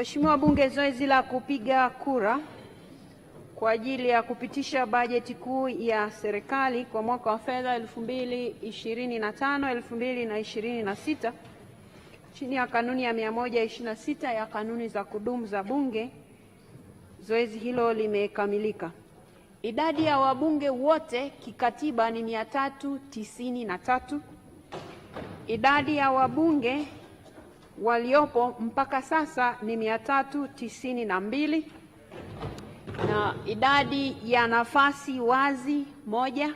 Mheshimiwa Bunge, zoezi la kupiga kura kwa ajili ya kupitisha bajeti kuu ya serikali kwa mwaka wa fedha 2025 2026 chini ya kanuni ya 126 ya kanuni za kudumu za Bunge, zoezi hilo limekamilika. Idadi ya wabunge wote kikatiba ni 393. Idadi ya wabunge waliopo mpaka sasa ni mia tatu tisini na mbili na idadi ya nafasi wazi moja.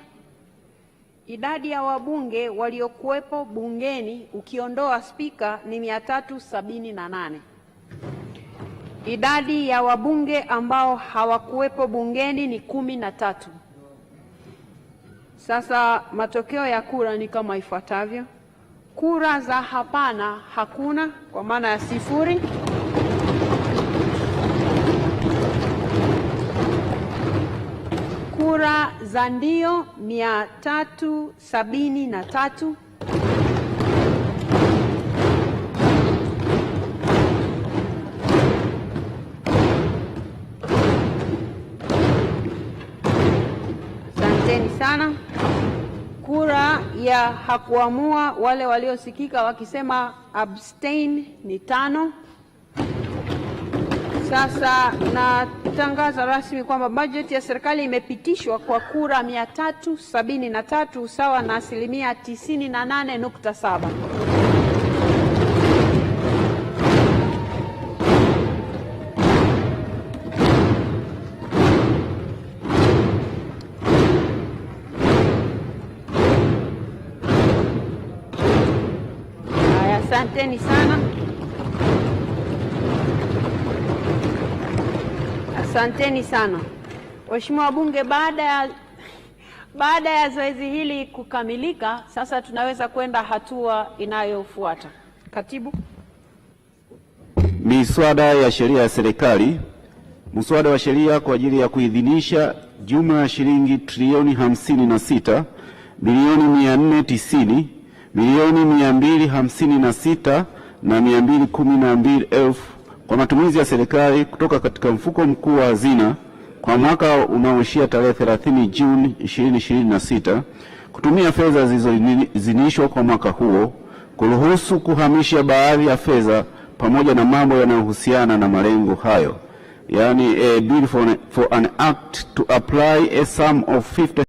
Idadi ya wabunge waliokuwepo bungeni ukiondoa spika ni mia tatu sabini na nane. Idadi ya wabunge ambao hawakuwepo bungeni ni kumi na tatu. Sasa matokeo ya kura ni kama ifuatavyo. Kura za hapana hakuna, kwa maana ya sifuri. Kura za ndio mia tatu tatu Asanteni sana ya hakuamua wale waliosikika wakisema abstain ni tano. Sasa natangaza rasmi kwamba bajeti ya serikali imepitishwa kwa kura 373 sawa na asilimia 98.7. asanteni sana, asanteni sana Mheshimiwa Bunge. Baada ya baada ya zoezi hili kukamilika, sasa tunaweza kwenda hatua inayofuata. Katibu. Miswada ya sheria ya serikali. Mswada wa sheria kwa ajili ya kuidhinisha jumla ya shilingi trilioni hamsini na sita bilioni mia nne tisini bilioni mia mbili hamsini na sita na mia mbili kumi na mbili elfu kwa matumizi ya serikali kutoka katika mfuko mkuu wa hazina kwa mwaka unaoishia tarehe 30 Juni 2026 kutumia fedha zilizoidhinishwa kwa mwaka huo, kuruhusu kuhamisha baadhi ya fedha pamoja na mambo yanayohusiana na malengo hayo, yani a bill for an act to apply a sum of 50